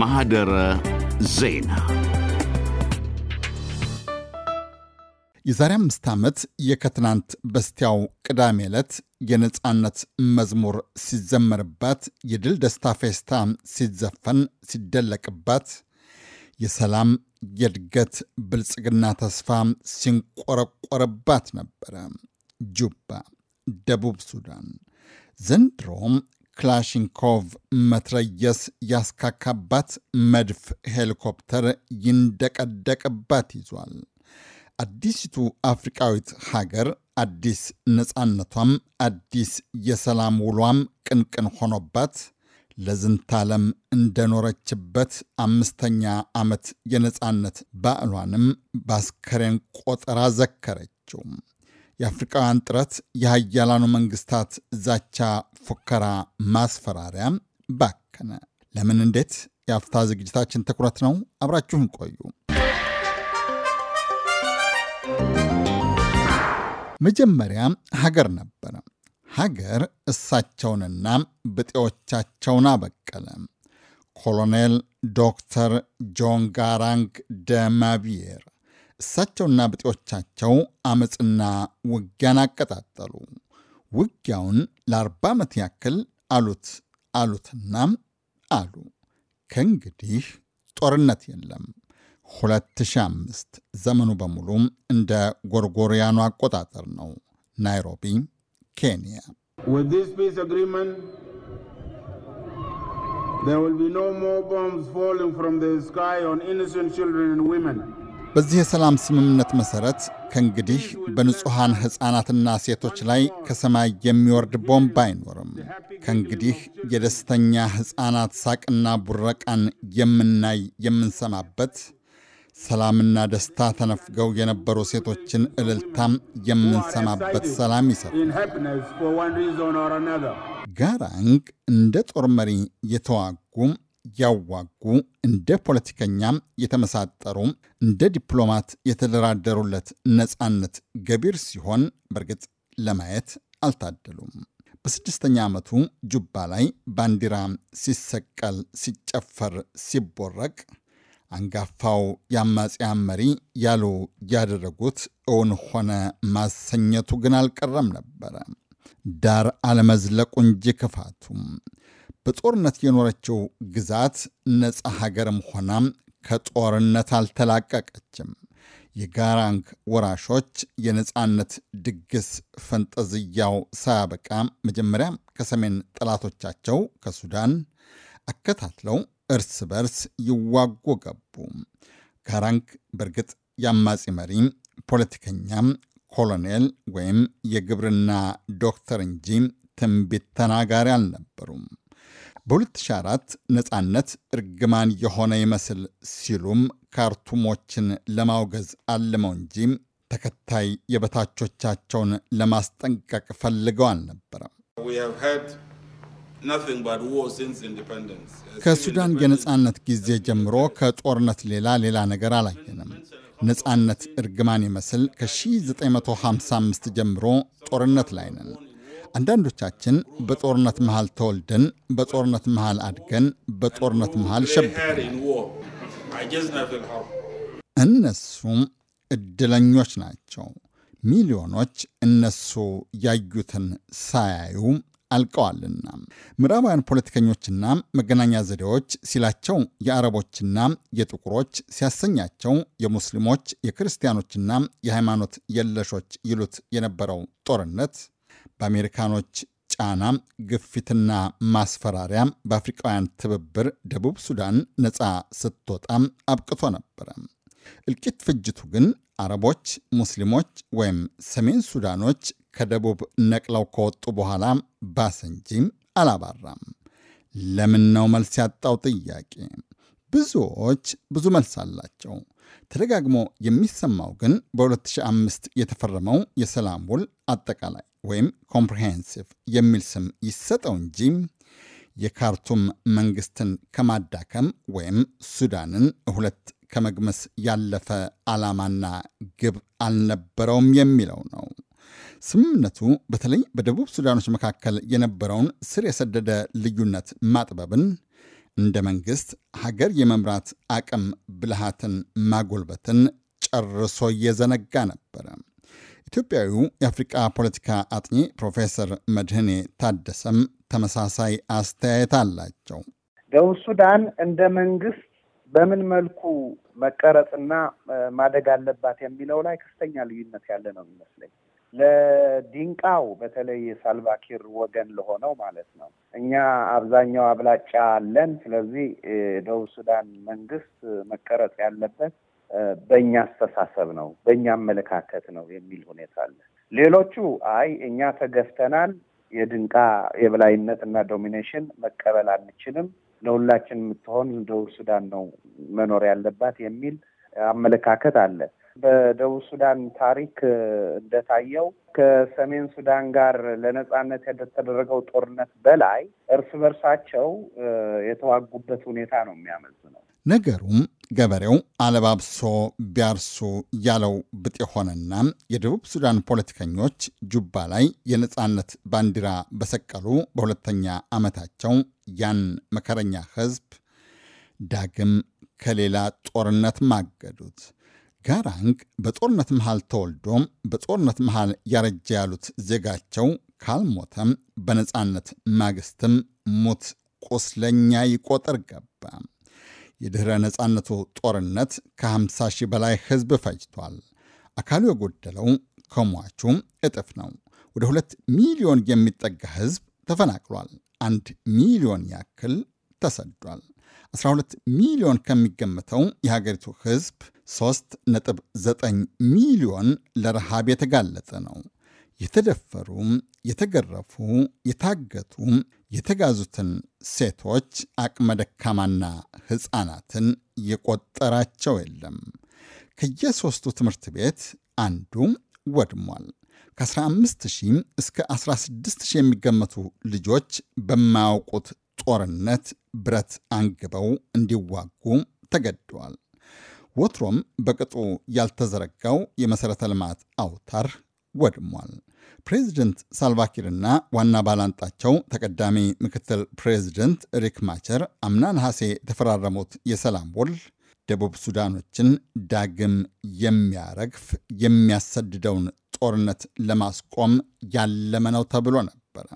ማህደረ ዜና የዛሬ አምስት ዓመት የከትናንት በስቲያው ቅዳሜ ዕለት የነፃነት መዝሙር ሲዘመርባት፣ የድል ደስታ ፌስታ ሲዘፈን ሲደለቅባት፣ የሰላም የእድገት ብልጽግና ተስፋ ሲንቆረቆርባት ነበረ። ጁባ፣ ደቡብ ሱዳን ዘንድሮም ክላሽንኮቭ መትረየስ ያስካካባት መድፍ ሄሊኮፕተር ይንደቀደቅባት ይዟል። አዲሲቱ አፍሪቃዊት ሀገር አዲስ ነፃነቷም አዲስ የሰላም ውሏም ቅንቅን ሆኖባት ዓለም እንደኖረችበት አምስተኛ ዓመት የነፃነት በዓሏንም ባስከሬን ቆጠራ ዘከረችው። የአፍሪቃውያን ጥረት፣ የሀያላኑ መንግስታት ዛቻ፣ ፉከራ፣ ማስፈራሪያ ባከነ። ለምን? እንዴት? የአፍታ ዝግጅታችን ትኩረት ነው። አብራችሁን ቆዩ። መጀመሪያ ሀገር ነበረ። ሀገር እሳቸውንና ብጤዎቻቸውን አበቀለ። ኮሎኔል ዶክተር ጆን ጋራንግ ደማቢየራ እሳቸውና ብጤዎቻቸው አመፅና ውጊያን አቀጣጠሉ። ውጊያውን ለአርባ ዓመት ያክል አሉት አሉትና አሉ ከእንግዲህ ጦርነት የለም። 2005 ዘመኑ በሙሉ እንደ ጎርጎሪያኑ አቆጣጠር ነው። ናይሮቢ ኬንያ። There will be no more bombs falling from the sky on innocent children and women. በዚህ የሰላም ስምምነት መሠረት ከእንግዲህ በንጹሐን ሕፃናትና ሴቶች ላይ ከሰማይ የሚወርድ ቦምብ አይኖርም። ከእንግዲህ የደስተኛ ሕፃናት ሳቅና ቡረቃን የምናይ የምንሰማበት፣ ሰላምና ደስታ ተነፍገው የነበሩ ሴቶችን እልልታም የምንሰማበት ሰላም ይሰፍናል። ጋራንግ እንደ ጦር መሪ የተዋጉ ያዋጉ እንደ ፖለቲከኛም የተመሳጠሩ እንደ ዲፕሎማት የተደራደሩለት ነፃነት ገቢር ሲሆን በእርግጥ ለማየት አልታደሉም። በስድስተኛ ዓመቱ ጁባ ላይ ባንዲራ ሲሰቀል፣ ሲጨፈር፣ ሲቦረቅ አንጋፋው የአማጽያን መሪ ያሉ ያደረጉት እውን ሆነ ማሰኘቱ ግን አልቀረም ነበረ። ዳር አለመዝለቁ እንጂ ክፋቱም በጦርነት የኖረችው ግዛት ነፃ ሀገርም ሆናም ከጦርነት አልተላቀቀችም። የጋራንግ ወራሾች የነፃነት ድግስ ፈንጠዝያው ሳያበቃ መጀመሪያ ከሰሜን ጠላቶቻቸው ከሱዳን አከታትለው እርስ በርስ ይዋጉ ገቡ። ጋራንግ በእርግጥ የአማጺ መሪ ፖለቲከኛም፣ ኮሎኔል ወይም የግብርና ዶክተር እንጂ ትንቢት ተናጋሪ አልነበሩም። በ2004 ነፃነት እርግማን የሆነ ይመስል ሲሉም ካርቱሞችን ለማውገዝ አልመው እንጂ ተከታይ የበታቾቻቸውን ለማስጠንቀቅ ፈልገው አልነበረም። ከሱዳን የነፃነት ጊዜ ጀምሮ ከጦርነት ሌላ ሌላ ነገር አላየንም። ነፃነት እርግማን ይመስል ከ1955 ጀምሮ ጦርነት ላይ ነን። አንዳንዶቻችን በጦርነት መሃል ተወልደን በጦርነት መሃል አድገን በጦርነት መሃል ሸብተናል። እነሱም እድለኞች ናቸው። ሚሊዮኖች እነሱ ያዩትን ሳያዩ አልቀዋልና ምዕራባውያን ፖለቲከኞችና መገናኛ ዘዴዎች ሲላቸው የአረቦችና የጥቁሮች ሲያሰኛቸው የሙስሊሞች የክርስቲያኖችና የሃይማኖት የለሾች ይሉት የነበረው ጦርነት በአሜሪካኖች ጫና፣ ግፊትና ማስፈራሪያ በአፍሪቃውያን ትብብር ደቡብ ሱዳን ነፃ ስትወጣ አብቅቶ ነበረ። እልቂት ፍጅቱ ግን አረቦች፣ ሙስሊሞች ወይም ሰሜን ሱዳኖች ከደቡብ ነቅለው ከወጡ በኋላ ባሰ እንጂ አላባራም። ለምን ነው መልስ ያጣው ጥያቄ? ብዙዎች ብዙ መልስ አላቸው። ተደጋግሞ የሚሰማው ግን በ2005 የተፈረመው የሰላም ውል አጠቃላይ ወይም ኮምፕሪሄንሲቭ የሚል ስም ይሰጠው እንጂ የካርቱም መንግስትን ከማዳከም ወይም ሱዳንን ሁለት ከመግመስ ያለፈ ዓላማና ግብ አልነበረውም የሚለው ነው። ስምምነቱ በተለይ በደቡብ ሱዳኖች መካከል የነበረውን ስር የሰደደ ልዩነት ማጥበብን፣ እንደ መንግስት ሀገር የመምራት አቅም ብልሃትን ማጎልበትን ጨርሶ እየዘነጋ ነበረም። ኢትዮጵያዊው የአፍሪቃ ፖለቲካ አጥኚ ፕሮፌሰር መድህኔ ታደሰም ተመሳሳይ አስተያየት አላቸው። ደቡብ ሱዳን እንደ መንግስት በምን መልኩ መቀረጽና ማደግ አለባት የሚለው ላይ ከፍተኛ ልዩነት ያለ ነው የሚመስለኝ። ለዲንቃው በተለይ የሳልቫኪር ወገን ለሆነው ማለት ነው። እኛ አብዛኛው አብላጫ አለን። ስለዚህ ደቡብ ሱዳን መንግስት መቀረጽ ያለበት በእኛ አስተሳሰብ ነው፣ በእኛ አመለካከት ነው የሚል ሁኔታ አለ። ሌሎቹ አይ እኛ ተገፍተናል፣ የድንቃ የበላይነት እና ዶሚኔሽን መቀበል አንችልም፣ ለሁላችን የምትሆን ደቡብ ሱዳን ነው መኖር ያለባት የሚል አመለካከት አለ። በደቡብ ሱዳን ታሪክ እንደታየው ከሰሜን ሱዳን ጋር ለነጻነት የተደረገው ጦርነት በላይ እርስ በርሳቸው የተዋጉበት ሁኔታ ነው የሚያመዝነው። ነገሩም ገበሬው አለባብሶ ቢያርሱ ያለው ብጤ ሆነና የደቡብ ሱዳን ፖለቲከኞች ጁባ ላይ የነፃነት ባንዲራ በሰቀሉ በሁለተኛ ዓመታቸው ያን መከረኛ ሕዝብ ዳግም ከሌላ ጦርነት ማገዱት። ጋራንግ በጦርነት መሃል ተወልዶ በጦርነት መሃል ያረጀ ያሉት ዜጋቸው ካልሞተም በነፃነት ማግስትም ሙት ቁስለኛ ይቆጠር ገባ። የድኅረ ነፃነቱ ጦርነት ከ50 ሺህ በላይ ሕዝብ ፈጅቷል። አካሉ የጎደለው ከሟቹም እጥፍ ነው። ወደ ሁለት ሚሊዮን የሚጠጋ ሕዝብ ተፈናቅሏል። አንድ ሚሊዮን ያክል ተሰዷል። 12 ሚሊዮን ከሚገመተው የሀገሪቱ ሕዝብ 3.9 ሚሊዮን ለረሃብ የተጋለጠ ነው። የተደፈሩ፣ የተገረፉ፣ የታገቱ፣ የተጋዙትን ሴቶች አቅመ ደካማና ሕፃናትን የቆጠራቸው የለም። ከየሦስቱ ትምህርት ቤት አንዱ ወድሟል። ከ15ሺህ እስከ ሺህ የሚገመቱ ልጆች በማያውቁት ጦርነት ብረት አንግበው እንዲዋጉ ተገደዋል። ወትሮም በቅጡ ያልተዘረጋው የመሠረተ ልማት አውታር ወድሟል። ፕሬዚደንት ሳልቫኪርና ዋና ባላንጣቸው ተቀዳሚ ምክትል ፕሬዚደንት ሪክ ማቸር አምና ነሐሴ የተፈራረሙት የሰላም ውል ደቡብ ሱዳኖችን ዳግም የሚያረግፍ የሚያሰድደውን ጦርነት ለማስቆም ያለመ ነው ተብሎ ነበረ።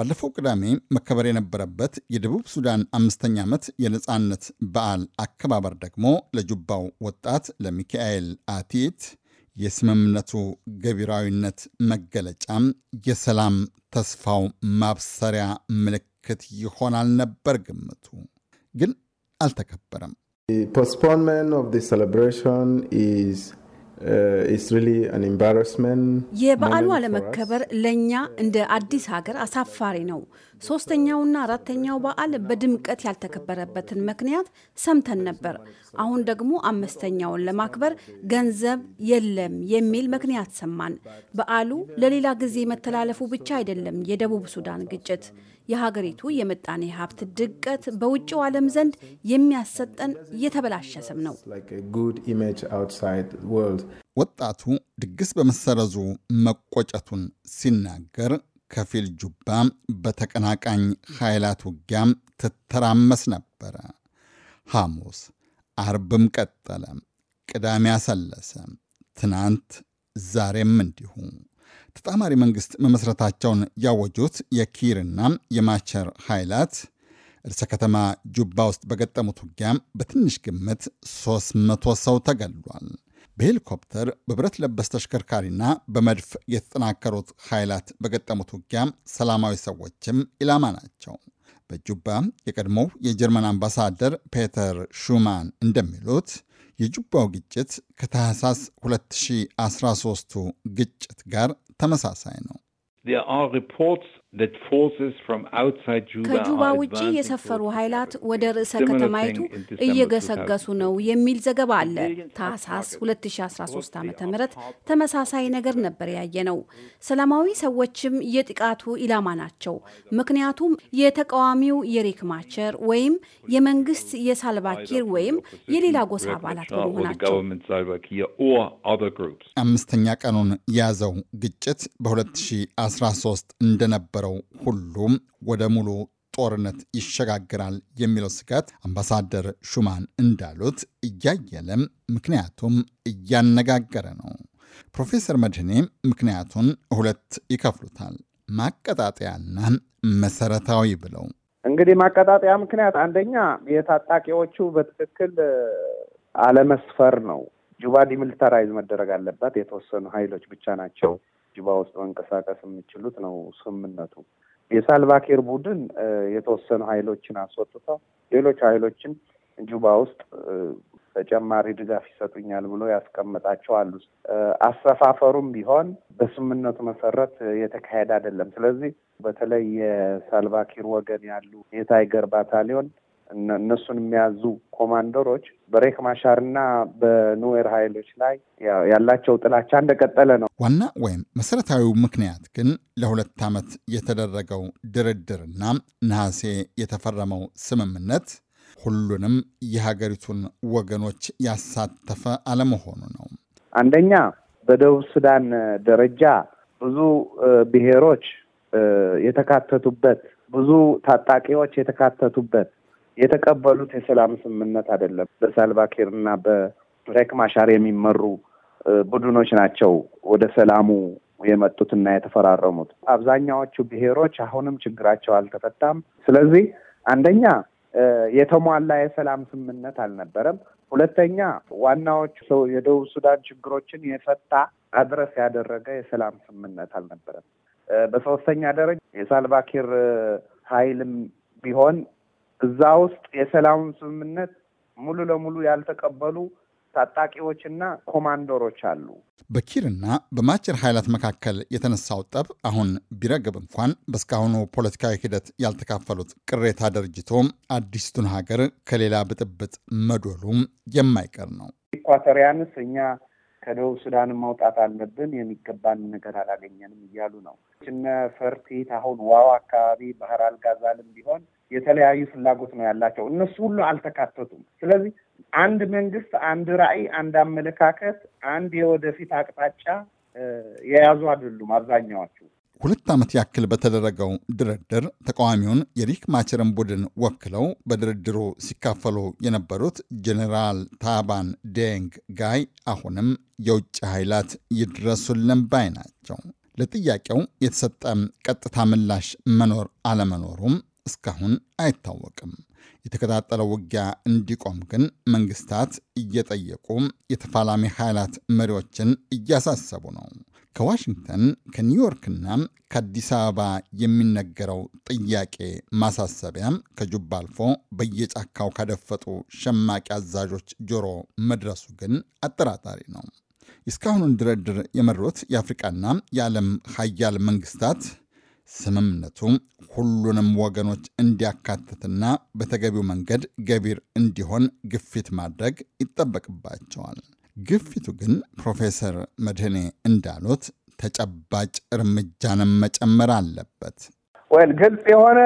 ባለፈው ቅዳሜ መከበር የነበረበት የደቡብ ሱዳን አምስተኛ ዓመት የነፃነት በዓል አከባበር ደግሞ ለጁባው ወጣት ለሚካኤል አቲት የስምምነቱ ገቢራዊነት መገለጫም የሰላም ተስፋው ማብሰሪያ ምልክት ይሆናል ነበር ግምቱ። ግን አልተከበረም። ፖስትፖንመንት ኦፍ ዘ ሴሌብሬሽን ኢዝ Uh, የበዓሉ አለመከበር ለእኛ እንደ አዲስ ሀገር አሳፋሪ ነው። ሶስተኛውና አራተኛው በዓል በድምቀት ያልተከበረበትን ምክንያት ሰምተን ነበር። አሁን ደግሞ አምስተኛውን ለማክበር ገንዘብ የለም የሚል ምክንያት ሰማን። በዓሉ ለሌላ ጊዜ መተላለፉ ብቻ አይደለም የደቡብ ሱዳን ግጭት የሀገሪቱ የምጣኔ ሀብት ድቀት በውጭው ዓለም ዘንድ የሚያሰጠን የተበላሸ ስም ነው። ወጣቱ ድግስ በመሰረዙ መቆጨቱን ሲናገር ከፊል ጁባ በተቀናቃኝ ኃይላት ውጊያም ትተራመስ ነበረ። ሐሙስ አርብም ቀጠለ፣ ቅዳሜ አሰለሰ፣ ትናንት ዛሬም እንዲሁ። ተጣማሪ መንግስት መመስረታቸውን ያወጁት የኪርና የማቸር ኃይላት እርሰ ከተማ ጁባ ውስጥ በገጠሙት ውጊያ በትንሽ ግምት 300 ሰው ተገሏል። በሄሊኮፕተር በብረት ለበስ ተሽከርካሪና በመድፍ የተጠናከሩት ኃይላት በገጠሙት ውጊያ ሰላማዊ ሰዎችም ኢላማ ናቸው። በጁባ የቀድሞው የጀርመን አምባሳደር ፔተር ሹማን እንደሚሉት የጁባው ግጭት ከታህሳስ 2013ቱ ግጭት ጋር There are reports ከጁባ ውጪ የሰፈሩ ኃይላት ወደ ርዕሰ ከተማይቱ እየገሰገሱ ነው የሚል ዘገባ አለ። ታህሳስ 2013 ዓ ም ተመሳሳይ ነገር ነበር ያየ ነው። ሰላማዊ ሰዎችም የጥቃቱ ኢላማ ናቸው። ምክንያቱም የተቃዋሚው የሪክ ማቸር ወይም የመንግስት የሳልቫኪር ወይም የሌላ ጎሳ አባላት መሆናቸው አምስተኛ ቀኑን ያዘው ግጭት በ2013 እንደነበር የነበረው ሁሉም ወደ ሙሉ ጦርነት ይሸጋግራል የሚለው ስጋት አምባሳደር ሹማን እንዳሉት እያየለም፣ ምክንያቱም እያነጋገረ ነው። ፕሮፌሰር መድህኔ ምክንያቱን ሁለት ይከፍሉታል፣ ማቀጣጠያና መሰረታዊ ብለው። እንግዲህ ማቀጣጠያ ምክንያት አንደኛ የታጣቂዎቹ በትክክል አለመስፈር ነው። ጁባ ዲሚልታራይዝ መደረግ አለባት። የተወሰኑ ኃይሎች ብቻ ናቸው ጁባ ውስጥ መንቀሳቀስ የሚችሉት ነው ስምምነቱ። የሳልቫኪር ቡድን የተወሰኑ ሀይሎችን አስወጥተው ሌሎች ሀይሎችን ጁባ ውስጥ ተጨማሪ ድጋፍ ይሰጡኛል ብሎ ያስቀመጣቸው አሉ። አሰፋፈሩም ቢሆን በስምምነቱ መሰረት የተካሄደ አይደለም። ስለዚህ በተለይ የሳልቫኪር ወገን ያሉ የታይገር ባታሊዮን እነሱን የሚያዙ ኮማንደሮች በሬክ ማሻርና በኑዌር ኃይሎች ላይ ያላቸው ጥላቻ እንደቀጠለ ነው። ዋና ወይም መሰረታዊው ምክንያት ግን ለሁለት ዓመት የተደረገው ድርድርና ነሐሴ የተፈረመው ስምምነት ሁሉንም የሀገሪቱን ወገኖች ያሳተፈ አለመሆኑ ነው። አንደኛ በደቡብ ሱዳን ደረጃ ብዙ ብሔሮች የተካተቱበት ብዙ ታጣቂዎች የተካተቱበት የተቀበሉት የሰላም ስምምነት አይደለም። በሳልቫኪርና በሬክ ማሻር የሚመሩ ቡድኖች ናቸው ወደ ሰላሙ የመጡትና የተፈራረሙት። አብዛኛዎቹ ብሔሮች አሁንም ችግራቸው አልተፈታም። ስለዚህ አንደኛ የተሟላ የሰላም ስምምነት አልነበረም። ሁለተኛ ዋናዎቹ ሰው የደቡብ ሱዳን ችግሮችን የፈታ አድረስ ያደረገ የሰላም ስምምነት አልነበረም። በሶስተኛ ደረጃ የሳልቫኪር ኃይልም ቢሆን እዛ ውስጥ የሰላሙን ስምምነት ሙሉ ለሙሉ ያልተቀበሉ ታጣቂዎችና ኮማንዶሮች አሉ። በኪርና በማችር ኃይላት መካከል የተነሳው ጠብ አሁን ቢረግብ እንኳን በእስካሁኑ ፖለቲካዊ ሂደት ያልተካፈሉት ቅሬታ ድርጅቶ አዲስቱን ሀገር ከሌላ ብጥብጥ መዶሉም የማይቀር ነው። ኢኳቶሪያንስ እኛ ከደቡብ ሱዳን መውጣት አለብን፣ የሚገባን ነገር አላገኘንም እያሉ ነው። እነ ፈርቲት አሁን ዋው አካባቢ ባህር አልጋዛልም ቢሆን የተለያዩ ፍላጎት ነው ያላቸው። እነሱ ሁሉ አልተካተቱም። ስለዚህ አንድ መንግስት፣ አንድ ራዕይ፣ አንድ አመለካከት፣ አንድ የወደፊት አቅጣጫ የያዙ አይደሉም አብዛኛዎቹ። ሁለት ዓመት ያክል በተደረገው ድርድር ተቃዋሚውን የሪክ ማቸርን ቡድን ወክለው በድርድሩ ሲካፈሉ የነበሩት ጀኔራል ታባን ዴንግ ጋይ አሁንም የውጭ ኃይላት ይድረሱልን ባይ ናቸው። ለጥያቄው የተሰጠ ቀጥታ ምላሽ መኖር አለመኖሩም እስካሁን አይታወቅም። የተቀጣጠለው ውጊያ እንዲቆም ግን መንግስታት እየጠየቁ የተፋላሚ ኃይላት መሪዎችን እያሳሰቡ ነው። ከዋሽንግተን ከኒውዮርክና ከአዲስ አበባ የሚነገረው ጥያቄ ማሳሰቢያ ከጁባ አልፎ በየጫካው ካደፈጡ ሸማቂ አዛዦች ጆሮ መድረሱ ግን አጠራጣሪ ነው። እስካሁኑን ድርድር የመሩት የአፍሪቃና የዓለም ሀያል መንግስታት ስምምነቱ ሁሉንም ወገኖች እንዲያካትትና በተገቢው መንገድ ገቢር እንዲሆን ግፊት ማድረግ ይጠበቅባቸዋል። ግፊቱ ግን ፕሮፌሰር መድህኔ እንዳሉት ተጨባጭ እርምጃንም መጨመር አለበት። ወይል ግልጽ የሆነ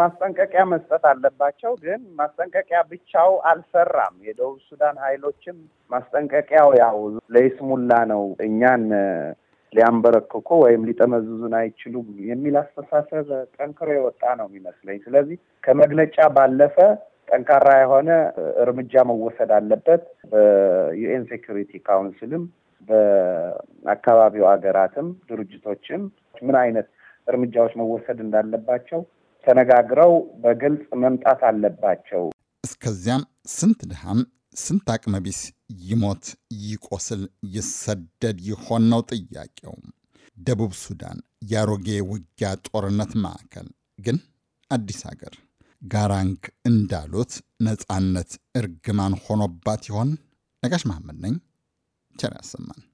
ማስጠንቀቂያ መስጠት አለባቸው። ግን ማስጠንቀቂያ ብቻው አልሰራም። የደቡብ ሱዳን ኃይሎችም ማስጠንቀቂያው ያው ለይስሙላ ነው እኛን ሊያንበረክኩ ወይም ሊጠመዝዙን አይችሉም የሚል አስተሳሰብ ጠንክሮ የወጣ ነው የሚመስለኝ። ስለዚህ ከመግለጫ ባለፈ ጠንካራ የሆነ እርምጃ መወሰድ አለበት። በዩኤን ሴኩሪቲ ካውንስልም በአካባቢው ሀገራትም ድርጅቶችም ምን አይነት እርምጃዎች መወሰድ እንዳለባቸው ተነጋግረው በግልጽ መምጣት አለባቸው። እስከዚያም ስንት ድሃም ስንት አቅመቢስ ይሞት ይቆስል ይሰደድ ይሆን ነው ጥያቄው። ደቡብ ሱዳን የአሮጌ ውጊያ ጦርነት ማዕከል ግን አዲስ አገር ጋራንግ እንዳሉት ነፃነት እርግማን ሆኖባት ይሆን? ነጋሽ መሐመድ ነኝ። ቸር ያሰማን።